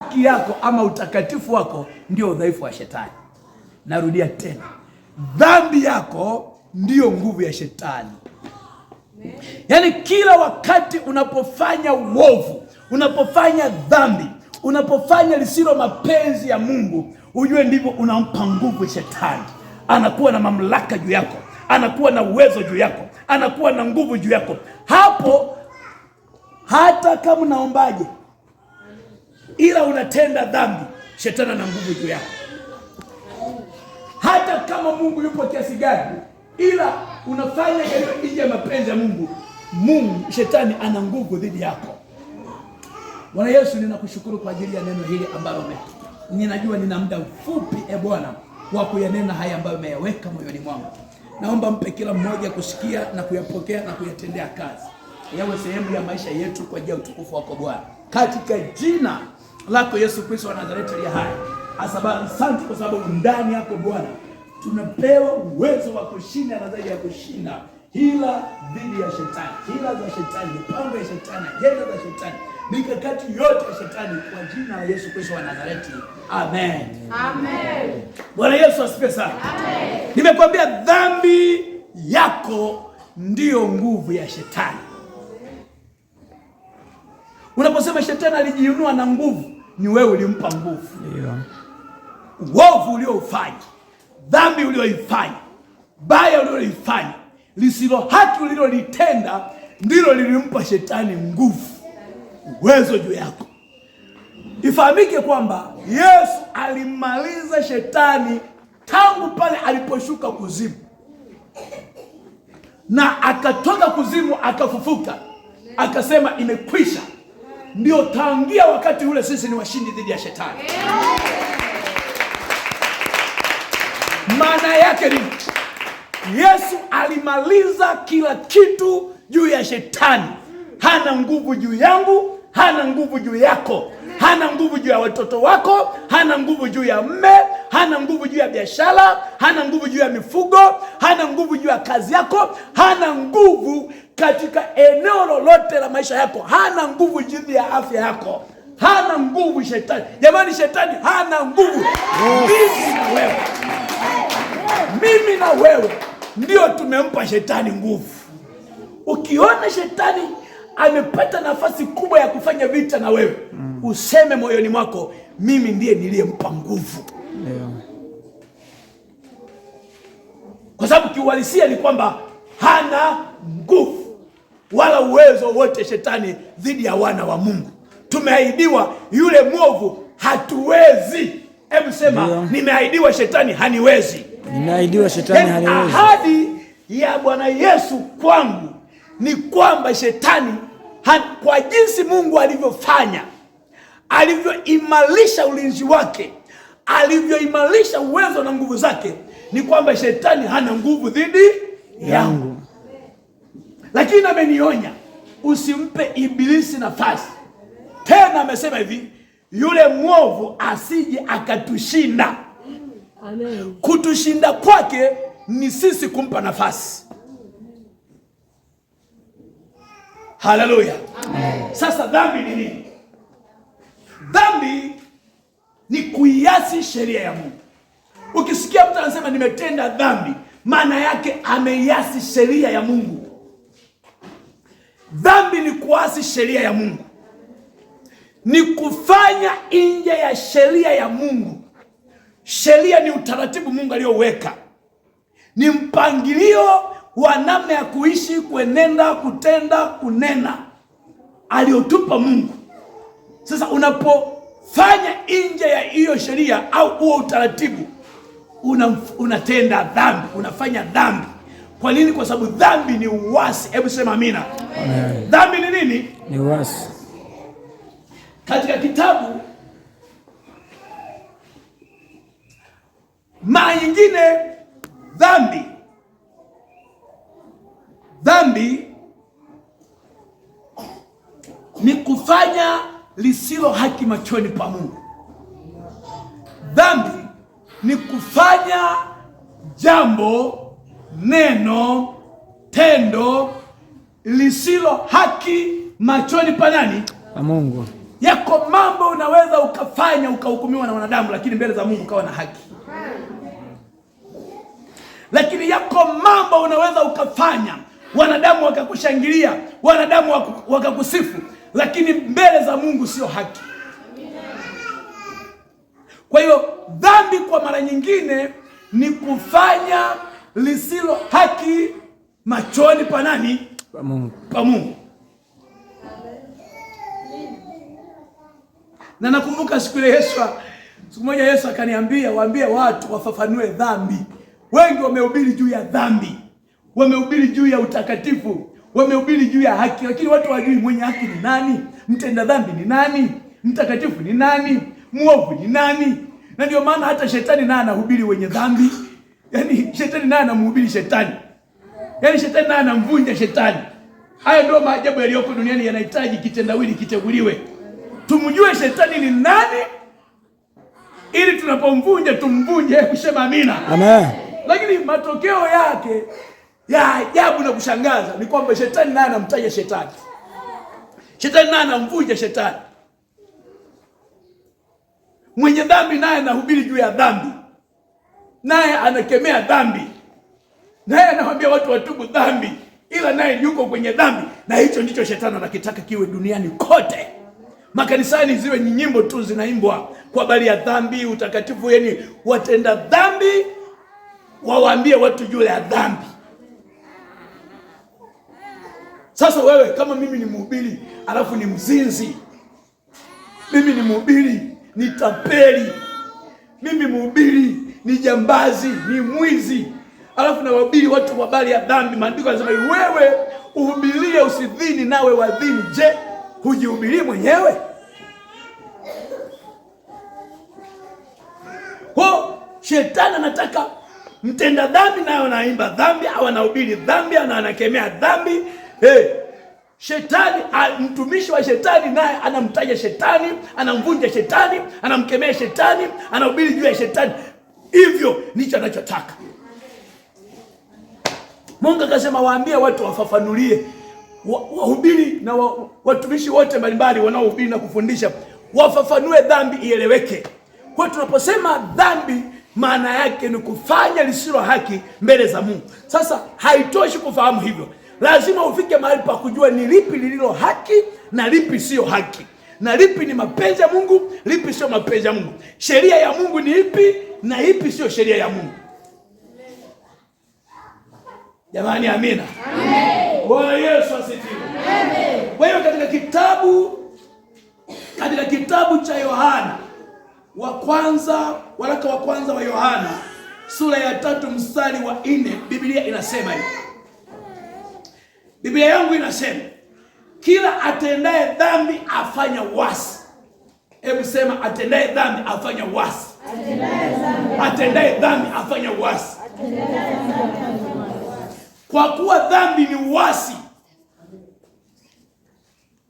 haki yako ama utakatifu wako ndio udhaifu wa shetani. Narudia tena, dhambi yako ndiyo nguvu ya shetani. Yaani kila wakati unapofanya uovu, unapofanya dhambi, unapofanya lisilo mapenzi ya Mungu, ujue ndivyo unampa nguvu shetani. Anakuwa na mamlaka juu yako, anakuwa na uwezo juu yako, anakuwa na nguvu juu yako. Hapo hata kama unaombaje ila unatenda dhambi, shetani ana nguvu juu yako. Hata kama Mungu yupo kiasi gani, ila unafanya yaliyo nje ya mapenzi ya Mungu, Mungu shetani ana nguvu dhidi yako. Bwana Yesu, ninakushukuru kwa ajili ya neno hili ambalo ninajua nina muda mfupi, e Bwana, wa kuyanena haya ambayo umeyaweka moyoni mwangu. Naomba mpe kila mmoja kusikia na kuyapokea na kuyatendea kazi, yawe sehemu ya maisha yetu kwa ajili ya utukufu wako Bwana, katika jina lako Yesu Kristo wa Nazareti aliye hai. Asante kwa sababu ndani yako Bwana tunapewa uwezo wa kushinda na zaidi ya kushinda hila dhidi ya shetani, hila za shetani, mipango ya shetani, ajenda za shetani, mikakati yote ya shetani kwa jina la Yesu Kristo wa Nazareti. Amen, amen. Bwana Yesu asifiwe sana. Nimekwambia dhambi yako ndiyo nguvu ya shetani. Unaposema shetani alijiinua na nguvu, ni wewe ulimpa nguvu. Yeah. Uovu ulioufanya, dhambi ulioifanya, baya ulioifanya lisilo haki ulilolitenda, ndilo lilimpa shetani nguvu, uwezo juu yako. Ifahamike kwamba Yesu alimaliza shetani tangu pale aliposhuka kuzimu na akatoka kuzimu, akafufuka, akasema imekwisha ndio tangia wakati ule sisi ni washindi dhidi ya shetani. Maana yake ni Yesu alimaliza kila kitu juu ya shetani. Hana nguvu juu yangu, hana nguvu juu yako hana nguvu juu ya watoto wako, hana nguvu juu ya mme, hana nguvu juu ya biashara, hana nguvu juu ya mifugo, hana nguvu juu ya kazi yako, hana nguvu katika eneo lolote la maisha yako, hana nguvu juu ya afya yako, hana nguvu shetani. Jamani, shetani hana nguvu. Mimi na wewe, mimi na wewe ndio tumempa shetani nguvu. Ukiona shetani amepata nafasi kubwa ya kufanya vita na wewe mm. Useme moyoni mwako, mimi ndiye niliyempa nguvu yeah. Kwa sababu kiuhalisia ni kwamba hana nguvu wala uwezo wote shetani dhidi ya wana wa Mungu. Tumeahidiwa yule mwovu hatuwezi. Hebu sema yeah. Nimeahidiwa shetani haniwezi. Nimeahidiwa shetani yaani, haniwezi. Ahadi ya Bwana Yesu kwangu ni kwamba shetani kwa jinsi Mungu alivyofanya, alivyoimarisha ulinzi wake, alivyoimarisha uwezo na nguvu zake, ni kwamba shetani hana nguvu dhidi yangu, lakini amenionya usimpe ibilisi nafasi tena. Amesema hivi, yule mwovu asije akatushinda. Kutushinda kwake ni sisi kumpa nafasi Haleluya. Sasa dhambi ni nini? Dhambi ni kuiasi sheria ya Mungu. Ukisikia mtu anasema nimetenda dhambi, maana yake ameiasi sheria ya Mungu. Dhambi ni kuasi sheria ya Mungu, ni kufanya nje ya sheria ya Mungu. Sheria ni utaratibu Mungu aliyoweka, ni mpangilio wa namna ya kuishi, kuenenda, kutenda, kunena aliyotupa Mungu. Sasa unapofanya nje ya hiyo sheria au huo utaratibu, una, unatenda dhambi, unafanya dhambi. Kwa nini? Kwa sababu dhambi ni uasi. Hebu sema amina. Amen. Dhambi ni nini? Ni uasi. Katika kitabu mara nyingine dhambi lisilo haki machoni pa Mungu. Dhambi ni kufanya jambo, neno, tendo lisilo haki machoni pa nani? Pa Mungu. Yako mambo unaweza ukafanya ukahukumiwa na wanadamu, lakini mbele za Mungu ukawa na haki. Lakini yako mambo unaweza ukafanya wanadamu wakakushangilia, wanadamu wakakusifu lakini mbele za Mungu sio haki. Kwa hiyo dhambi kwa mara nyingine ni kufanya lisilo haki machoni pa nani? Pa Mungu, pa Mungu. Na nakumbuka siku ile Yesu, siku moja Yesu akaniambia, waambie watu wafafanue dhambi. Wengi wamehubiri juu ya dhambi, wamehubiri juu ya utakatifu Wamehubiri juu ya haki, lakini watu wajui mwenye haki ni nani, mtenda dhambi ni nani, mtakatifu ni nani, mwovu ni nani. Na ndio maana hata shetani naye anahubiri wenye dhambi, yaani shetani naye anamhubiri shetani, yaani shetani naye anamvunja shetani. Haya ndio maajabu yaliyoko duniani, yanahitaji kitendawili kiteguliwe, tumjue shetani ni nani, ili tunapomvunja tumvunje. Kusema amina, amen. Lakini matokeo yake ya ajabu na kushangaza ni kwamba shetani naye anamtaja shetani, shetani naye anamvuja shetani, mwenye dhambi naye anahubiri juu ya dhambi, naye anakemea dhambi, naye anawambia watu watubu dhambi, ila naye yuko kwenye dhambi. Na hicho ndicho shetani anakitaka kiwe duniani kote. Makanisani ziwe ni nyimbo tu zinaimbwa kwa habari ya dhambi, utakatifu, yani watenda dhambi wawaambie watu juu ya dhambi Sasa wewe kama mimi ni mhubiri alafu ni mzinzi, mimi ni mhubiri ni tapeli, mimi mhubiri ni jambazi, ni mwizi, alafu wahubiri watu habari ya dhambi. Maandiko yanasema wewe uhubirie usidhini, nawe wadhini. Je, hujihubirii mwenyewe? Ho, shetani anataka mtenda dhambi nayo anaimba dhambi au anahubiri dhambi au anakemea dhambi hey. Shetani, mtumishi wa shetani naye anamtaja shetani, anamvunja shetani, anamkemea shetani, anahubiri juu ya shetani. Hivyo ndicho anachotaka Mungu. Akasema waambie watu wafafanulie, wahubiri na wa, watumishi wote mbalimbali wanaohubiri na kufundisha wafafanue dhambi ieleweke. Kwa tunaposema dhambi maana yake ni kufanya lisilo haki mbele za Mungu. Sasa haitoshi kufahamu hivyo lazima ufike mahali pa kujua ni lipi lililo haki na lipi siyo haki, na lipi ni mapenzi ya Mungu, lipi sio mapenzi ya Mungu, sheria ya Mungu ni ipi na ipi siyo sheria ya Mungu. Jamani, amina. Bwana Yesu asifiwe. Kwa hiyo katika kitabu katika kitabu cha Yohana wa kwanza, waraka wa kwanza wa Yohana sura ya tatu mstari wa nne Biblia inasema hivi Biblia yangu inasema kila atendaye dhambi afanya uasi. Hebu sema atendaye dhambi afanya uasi, atendaye dhambi afanya uasi. Kwa kuwa dhambi ni uasi.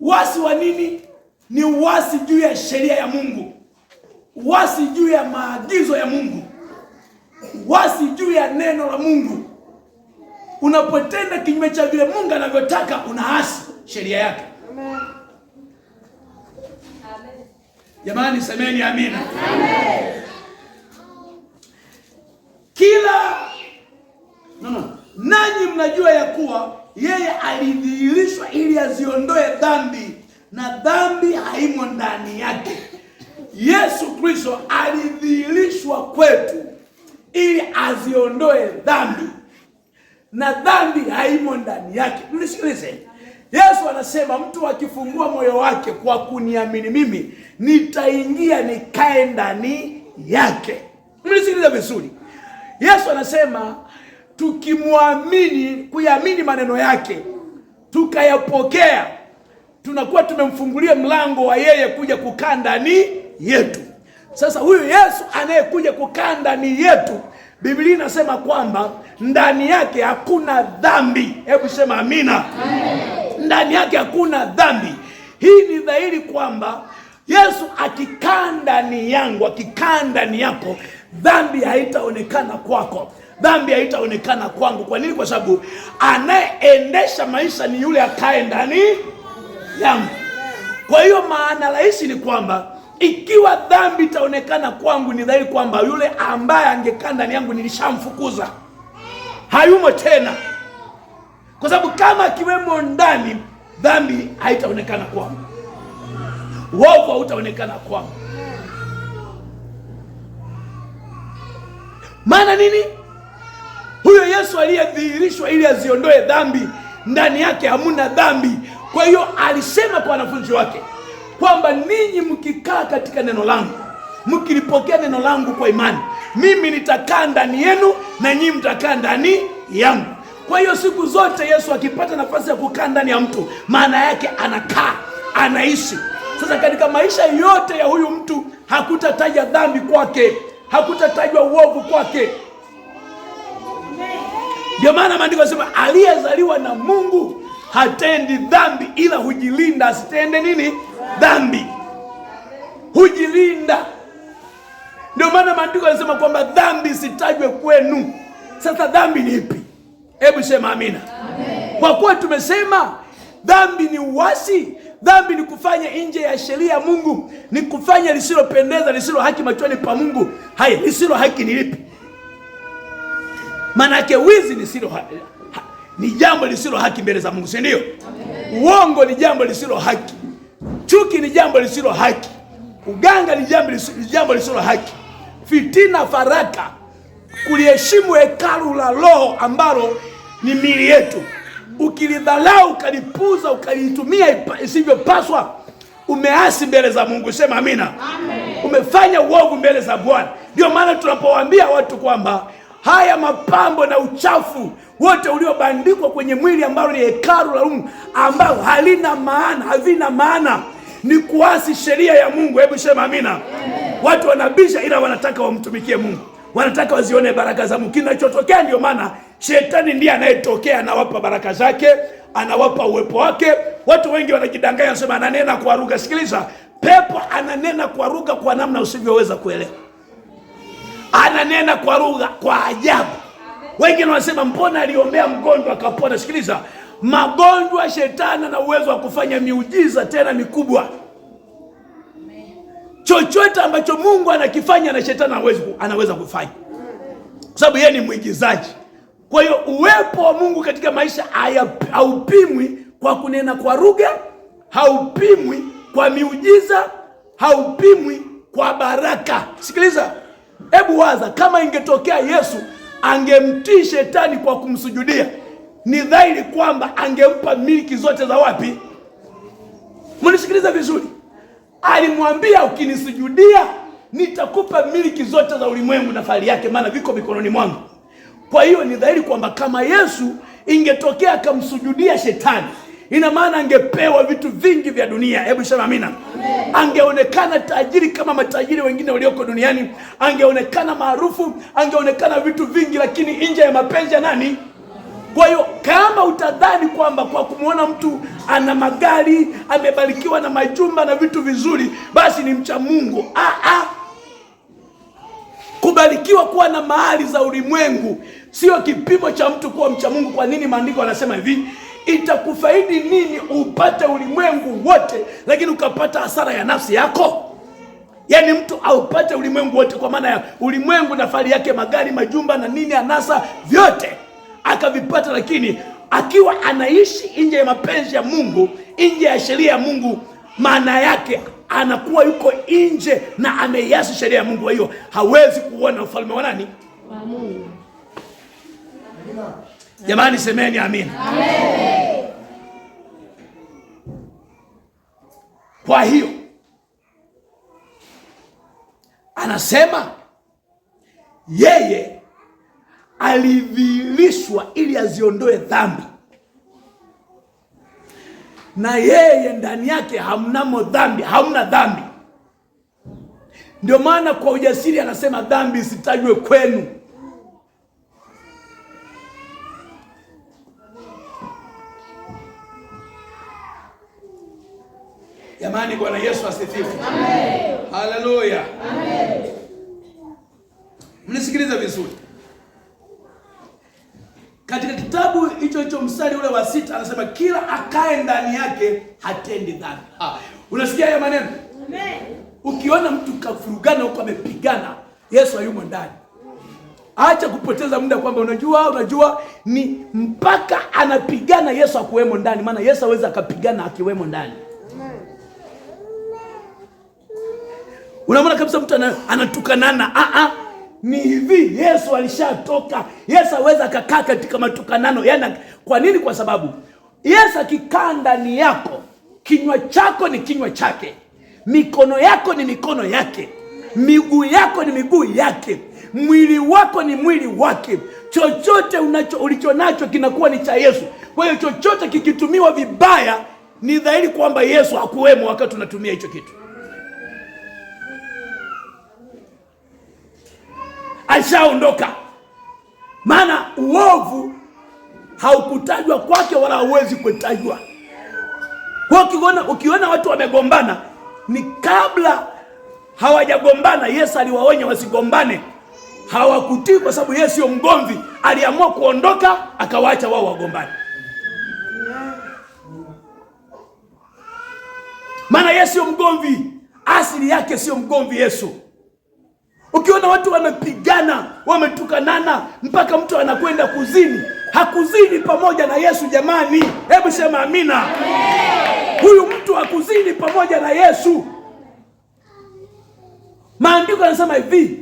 Uasi wa nini? Ni uasi juu ya sheria ya Mungu, uasi juu ya maagizo ya Mungu, uasi juu ya neno la Mungu unapotenda kinyume cha vile Mungu anavyotaka, unaasi sheria yake. Amen. Jamani, semeni amina. Amen. Kila no, no. Nanyi mnajua ya kuwa yeye alidhihirishwa ili aziondoe dhambi na dhambi haimo ndani yake. Yesu Kristo alidhihirishwa kwetu ili aziondoe dhambi na dhambi haimo ndani yake. Mnisikilize, Yesu anasema mtu akifungua moyo wake kwa kuniamini mimi, nitaingia nikae ndani yake. Mnisikilize vizuri, Yesu anasema tukimwamini, kuyaamini maneno yake, tukayapokea, tunakuwa tumemfungulia mlango wa yeye kuja kukaa ndani yetu. Sasa huyu Yesu anayekuja kukaa ndani yetu Biblia inasema kwamba ndani yake hakuna dhambi. Hebu sema amina. Amen. Ndani yake hakuna dhambi. Hii ni dhahiri kwamba Yesu akikaa ndani yangu, akikaa ndani yako, dhambi haitaonekana kwako, dhambi haitaonekana kwangu. Kwa nini? Kwa sababu anayeendesha maisha ni yule akae ndani yangu. Kwa hiyo maana rahisi ni kwamba ikiwa dhambi itaonekana kwangu, ni dhahiri kwamba yule ambaye angekaa ndani yangu nilishamfukuza, hayumo tena, kwa sababu kama akiwemo ndani, dhambi haitaonekana kwangu, wovu hautaonekana kwangu. Maana nini? Huyo Yesu aliyedhihirishwa ili aziondoe dhambi, ndani yake hamuna dhambi. Kwa hiyo alisema kwa wanafunzi wake kwamba ninyi mkikaa katika neno langu, mkilipokea neno langu kwa imani, mimi nitakaa ndani yenu na nyinyi mtakaa ndani yangu. Kwa hiyo siku zote Yesu akipata nafasi ya kukaa ndani ya mtu, maana yake anakaa, anaishi. Sasa katika maisha yote ya huyu mtu hakutataja dhambi kwake, hakutatajwa uovu kwake. Ndio maana maandiko yanasema aliyezaliwa na Mungu hatendi dhambi, ila hujilinda asitende nini? Dhambi, hujilinda. Ndio maana maandiko yanasema kwamba dhambi sitajwe kwenu. Sasa dhambi ni ipi? Hebu sema amina. Kwa kuwa tumesema dhambi ni uasi, dhambi ni kufanya nje ya sheria ya Mungu, ni kufanya lisilopendeza, lisilo haki machoni pa Mungu. Haya, lisilo haki ni lipi? yake wizi ni silo haki ni jambo lisilo haki mbele za Mungu, si ndio? Uongo ni jambo lisilo haki, chuki ni jambo lisilo haki, uganga ni jambo lisilo haki, fitina, faraka, kuliheshimu hekalu la Roho ambalo ni mili yetu, ukilidhalau, ukalipuza, ukalitumia isivyopaswa, umeasi mbele za Mungu. Sema amina. Amen. Umefanya uovu mbele za Bwana. Ndio maana tunapowaambia watu kwamba haya mapambo na uchafu wote uliobandikwa kwenye mwili ambalo ni hekalu la Mungu, ambao halina maana, havina maana, ni kuasi sheria ya Mungu. Hebu sema amina. Amen. Watu wanabisha, ila wanataka wamtumikie Mungu, wanataka wazione baraka za Mungu. Kinachotokea, ndio maana shetani ndiye anayetokea, anawapa baraka zake, anawapa uwepo wake. Watu wengi wanajidanganya, wanasema ananena kwa lugha. Sikiliza, pepo ananena kwa lugha kwa namna usivyoweza kuelewa ananena kwa lugha kwa ajabu. Wengine wanasema mbona aliombea mgonjwa akapona? Sikiliza, magonjwa, shetani ana uwezo wa kufanya miujiza tena mikubwa. Chochote ambacho Mungu anakifanya na shetani hawezi, anaweza kufanya, kwa sababu yeye ni mwigizaji. Kwa hiyo uwepo wa Mungu katika maisha haupimwi kwa kunena kwa lugha, haupimwi kwa miujiza, haupimwi kwa baraka. Sikiliza. Hebu waza kama ingetokea Yesu angemtii shetani kwa kumsujudia, ni dhahiri kwamba angempa miliki zote za wapi? Mnisikilize vizuri, alimwambia ukinisujudia nitakupa miliki zote za ulimwengu na fahari yake, maana viko mikononi mwangu. Kwa hiyo ni dhahiri kwamba kama Yesu ingetokea akamsujudia shetani, ina maana angepewa vitu vingi vya dunia. Hebu sema amina. Angeonekana tajiri kama matajiri wengine walioko duniani, angeonekana maarufu, angeonekana vitu vingi, lakini nje ya mapenzi ya nani? Kwa hiyo kama utadhani kwamba kwa kumwona mtu ana magari, amebarikiwa na majumba na vitu vizuri, basi ni mcha Mungu. Aa, kubarikiwa kuwa na mahali za ulimwengu sio kipimo cha mtu kuwa mcha Mungu. Kwa nini maandiko anasema hivi? itakufaidi nini upate ulimwengu wote lakini ukapata hasara ya nafsi yako? Yaani mtu aupate ulimwengu wote, kwa maana ya ulimwengu na fahari yake, magari, majumba na nini, anasa, vyote akavipata, lakini akiwa anaishi nje ya mapenzi ya Mungu, nje ya sheria ya Mungu, maana yake anakuwa yuko nje na ameiasi sheria ya Mungu. Kwa hiyo hawezi kuona ufalme wa nani? Wa Mungu. Jamani, semeni amina. Amen. Kwa hiyo anasema yeye alidhihirishwa ili aziondoe dhambi, na yeye ndani yake hamnamo dhambi, hamna dhambi. Ndio maana kwa ujasiri anasema dhambi isitajwe kwenu. Jamani, Bwana Yesu asifiwe. Amen. Haleluya. Amen. Mnisikiliza vizuri. Katika kitabu hicho hicho mstari ule wa sita anasema kila akae ndani yake hatendi dhambi. Ah, unasikia haya maneno? Amen. Ukiona mtu kafurugana huko amepigana, Yesu hayumo ndani. Acha kupoteza muda kwamba unajua unajua, ni mpaka anapigana Yesu akuwemo ndani, maana Yesu aweza akapigana akiwemo ndani. Unaona kabisa mtu anatukanana. Ah ah. Ni hivi Yesu alishatoka. Yesu aweza akakaa katika matukanano. Yaani kwa nini? Kwa sababu Yesu akikaa ndani yako, kinywa chako ni kinywa chake, mikono yako ni mikono yake, miguu yako ni miguu yake, mwili wako ni mwili wake. Chochote unacho ulicho nacho kinakuwa ni cha Yesu. Kwa hiyo chochote kikitumiwa vibaya, ni dhahiri kwamba Yesu hakuwemo wakati unatumia hicho kitu. ashaondoka. Maana uovu haukutajwa kwake wala hauwezi kutajwa. Kwa ukiona, ukiona watu wamegombana ni kabla hawajagombana Yesu aliwaonya wasigombane. Hawakutii kwa sababu Yesu sio mgomvi, aliamua kuondoka akawaacha wao wagombane. Maana Yesu sio mgomvi, asili yake sio mgomvi Yesu. Ukiona watu wamepigana, wametukanana, mpaka mtu anakwenda kuzini, hakuzini pamoja na Yesu. Jamani, hebu sema amina. Huyu mtu hakuzini pamoja na Yesu. Maandiko yanasema hivi,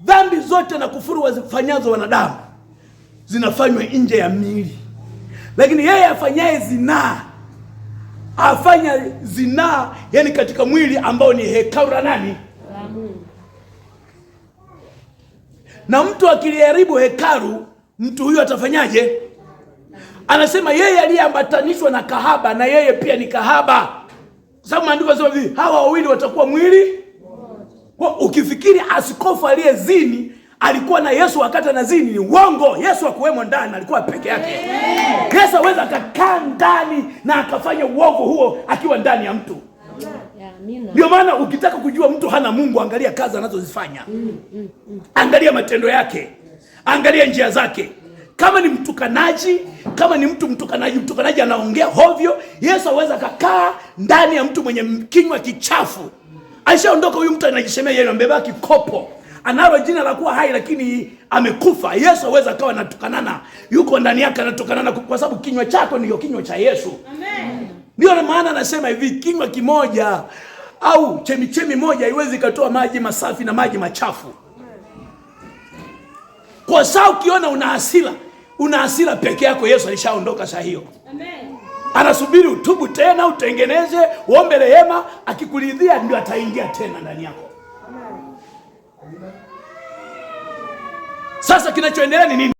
dhambi zote na kufuru wazifanyazo wanadamu zinafanywa nje ya miili, lakini yeye afanyaye zinaa afanya zinaa, yani katika mwili ambao ni hekalu la nani? La Mungu na mtu akiliharibu hekalu, mtu huyo atafanyaje? Anasema yeye aliyeambatanishwa na kahaba na yeye pia ni kahaba, kwa sababu maandiko yanasema hivi, hawa wawili watakuwa mwili. Kwa ukifikiri askofu aliyezini alikuwa na Yesu wakati anazini ni uongo. Yesu hakuwemo ndani, alikuwa peke yake. Yesu aweza akakaa ndani na akafanya uongo huo akiwa ndani ya mtu. Ndio maana ukitaka kujua mtu hana Mungu, angalia kazi anazozifanya, mm, mm, mm. Angalia matendo yake, angalia njia zake kama ni mtukanaji, kama ni mtu mtukanaji, mtukanaji anaongea hovyo. Yesu aweza akakaa ndani ya mtu mwenye kinywa kichafu, aishaondoka huyu mtu anajishemea yeye, amebeba kikopo, analo jina la kuwa hai, lakini amekufa. Yesu aweza akawa anatukanana, yuko ndani yake anatukanana, kwa sababu kinywa chako ndio kinywa cha Yesu. Amen. Ndio maana anasema hivi, kinywa kimoja au chemichemi moja haiwezi ikatoa maji masafi na maji machafu. Kwa sababu ukiona una hasira, una hasira peke yako, Yesu alishaondoka saa hiyo. Amen. Anasubiri utubu tena, utengeneze, uombe rehema, akikuridhia ndio ataingia tena ndani yako. Sasa kinachoendelea ni nini?